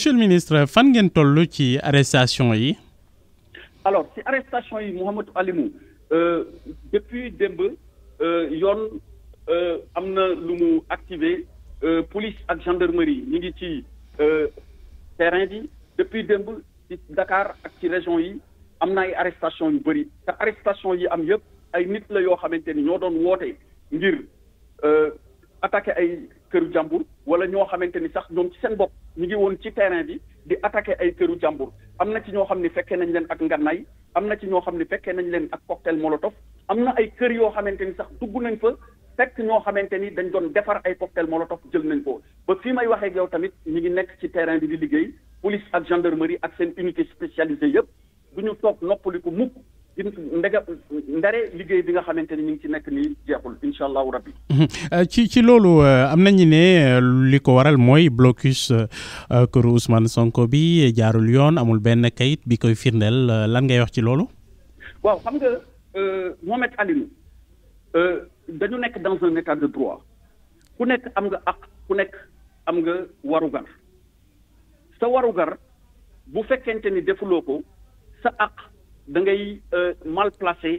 monsieur le ministre fan ngeen tollu ci arrestation yi. alors ci arrestation yi Mohamed Alimou euh, depuis euh yone euh amna lu mu activé euh, police ak gendarmerie ñi ngi ci euh, terrain bi depuis démb ci Dakar ak ci région yi amna ay arrestation yu bari. Ta arrestation yi am yépp ay nit la yoo xamante ni ñoo doon woote ngir attaqué ay. këru jàmbur wala ñoo xamante ni sax ñoom ci seen bopp ñu ngi woon ci terrain bi di attaqué ay këru jàmbur am na ci ñoo xam ni fekkee nañ leen ak ngànnaay am na ci ñoo xam ne fekkee nañ leen ak cocktail molotov am na ay kër yoo xamante ni sax dugg nañ fa fekk ñoo xamante ni dañ doon defar ay cocktail molotov jël nañ ko ba fii may waxee ak yow tamit ñu ngi nekk ci terrain bi di liggéey police ak gendarmerie ak seen unité spécialisée yëpp du ñu toog noppaliku mukk di ndegam ndare liggéey bi nga xamante ni ñu ngi ci nekk ni jeexul incha allahu rabbi. Mhm. Euh, ci ci loolu euh, am nañu ne euh, li ko waral mooy blocus këru Ousmane Sonko bi jaarul yoon amul benn kayit bi koy firndeel lan ngay wax ci loolu. waaw xam nga Mohamed Alioune dañu nekk dans un état de droit ku nekk am nga ak ku nekk am nga warugar sa warugar bu fekkente ni defuloo ko sa ak da ngay mal placé.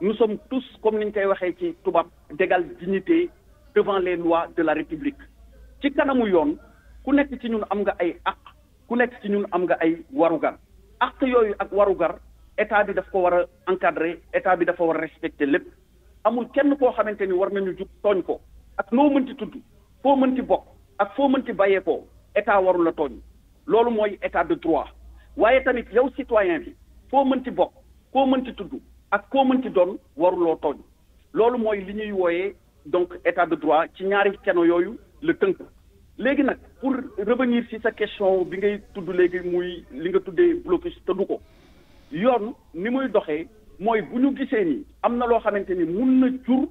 nous som tous comme ni ñu koy waxee ci tubaab d'égale dignité devant les lois de la république ci kanamu yoon ku nekk ci ñun am nga ay àq ku nekk ci ñun am nga ay warugar àq yooyu ak warugar état bi daf ko war a encadrer état bi dafa war a respecter lépp amul kenn koo xamante ni war nañu jug tooñ ko ak noo mënti tudd foo mënti bokk ak foo mënti bàyyee ko état warul la tooñ loolu mooy état de troit waaye tamit yow citoyen bi foo mënti bokk koo mënti tudd ak koo ci doon waruloo tooñ loolu mooy li ñuy wooyee donc état de droit ci ñaari keno yooyu la tënk léegi nag pour revenir ci sa question bi ngay tudd léegi muy li nga tuddee blocus tëddu ko yoon ni muy doxee mooy bu ñu gisee ni am na loo xamante ni mun na jur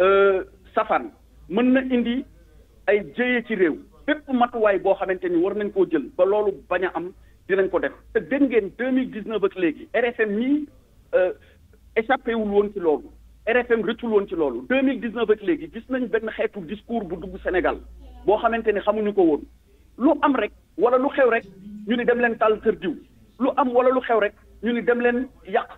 euh, safaan mën na indi ay jëye ci réew bépp matuwaay boo xamante ni war nañ koo jël ba loolu bañ a am dinañ ko def te dégg ngeen deux mille dix neuf ak léegi RFM nii Euh, échappé wul woon ci loolu RFM rëccul woon ci loolu deux mille dix neuf ak léegi gis nañ benn xeetu discours bu dugg Sénégal boo xamante ni xamuñu ko woon lu am rek wala lu xew rek ñu ni dem leen tàll kër diw lu am wala lu xew rek ñu ni dem leen yàq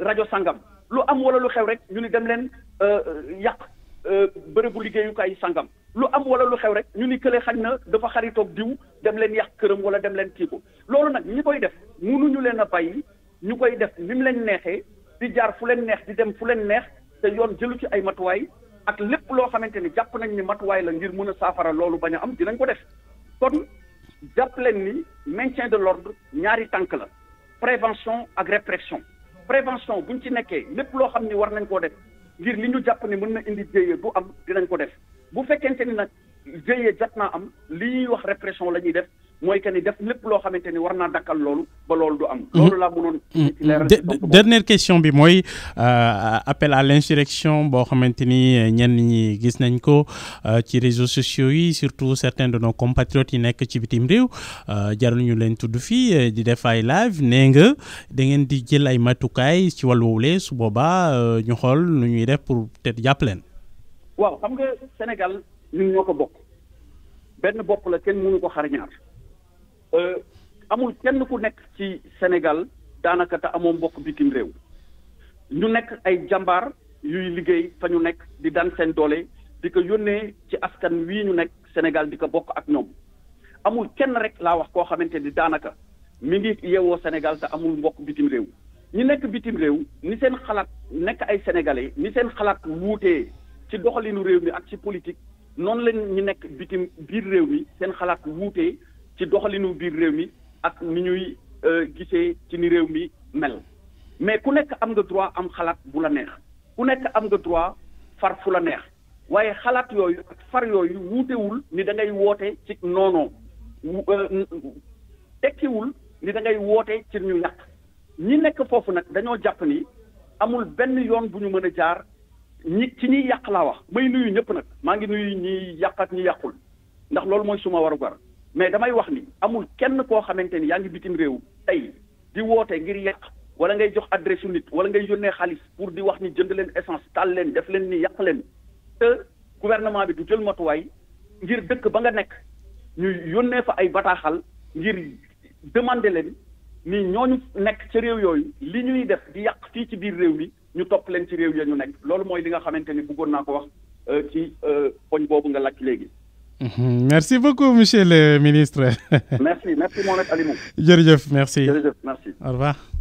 rajo sangam lu am wala lu xew rek ñu ni dem leen euh, yàq euh, bërëbu liggéeyukaay sangam lu am wala lu xew rek ñu ni kële xañ na dafa xaritoog diw dem leen yàq këram wala dem leen kii ko loolu nag ñi koy def munuñu leen a bàyyi ñu koy def ni lañ leen neexee di jaar fu leen neex di dem fu leen neex te yoon jëlu ci ay matuwaay ak lépp loo xamante ni jàpp nañ ni matuwaay la ngir mën a saafara loolu bañ a am dinañ ko def kon jàpp leen ni maintien de l'ordre ñaari tànk la prévention ak répression prévention buñ ci nekkee lépp loo xam ni war nañ koo def ngir li ñu jàpp ni mën na indi jéye bu am dinañ ko def bu fekkente ni nag jéye jot naa am li ñuy wax répression la ñuy def mooy que ni def lépp loo xamante ni war naa dakkal loolu ba loolu du am. Mhm. loolu laa mënoon. Mhm. dernière question bi mooy euh, appel à l'insurrection boo xamante ni euh, ñenn ñi gis nañ ko euh, ci réseaux sociaux yi surtout certains de nos compatriotes yi nekk ci bitim réew ñu leen tudd fii di def ay live nee nga da ngeen di jël ay matukaay ci wàllu woowule su boobaa ñu xool nu ñuy def pour peut-être jàpp leen. waaw xam nga Sénégal ñun ñoo ko bokk benn bopp la kenn mënu ko xar ñaar. Euh, amul kenn ku nekk ci Sénégal daanaka te amoo mbokk bitim réew ñu nekk ay jàmbaar yuy liggéey fa ñu nekk di daan seen doole di ko yónnee ci askan wii ñu nekk Sénégal di ko bokk ak ñoom amul kenn rek laa wax koo xamante ni daanaka mu ngi yeewoo Sénégal te amul mbokk bitim réew ñi nekk bitim réew ni seen xalaat nekk ay sénégalais ni seen xalaat wuutee ci doxalinu réew mi ak ci politique noonu lañ ñu nekk bitim biir réew mi seen xalaat wuutee ci doxalinu biir réew mi ak ni ñuy euh, gisee ci ni réew mi mel mais ku nekk am nga droit am xalaat bu la neex ku nekk am nga droit far fu la neex waaye xalaat yooyu ak far yooyu wuutewul ni da ngay woote ci noonoo euh, tekkiwul ni da ngay woote ci ñu yàq ñi nekk foofu nag dañoo jàpp ni amul benn yoon bu ñu mën a jaar ñi ci ñiy yàq laa wax may nuyu ñëpp nag maa ngi nuyu ñiy yàq ak ñi yàqul ndax loolu mooy suma warugar mais damay wax ni amul kenn koo xamante ni yaa ngi bitim réew tey di woote ngir yàq wala ngay jox adresse nit wala ngay yónnee xaalis pour di wax ni jënd leen essence taal leen def leen ni yàq leen te bi du jël matuwaay ngir dëkk ba nga nekk ñu yónnee fa ay bataaxal ngir demande leen ni ñooñu nekk ci réew yooyu li ñuy def di yàq fii ci biir réew mi ñu topp leen ci réew ya ñu nekk loolu mooy li nga xamante ni bëggoon naa ko wax euh, ci euh, poñ boobu nga làkk léegi Mhm. merci beaucoup monsieur le ministre. merci merci mon Alimou. Yerjef, merci merci. au revoir.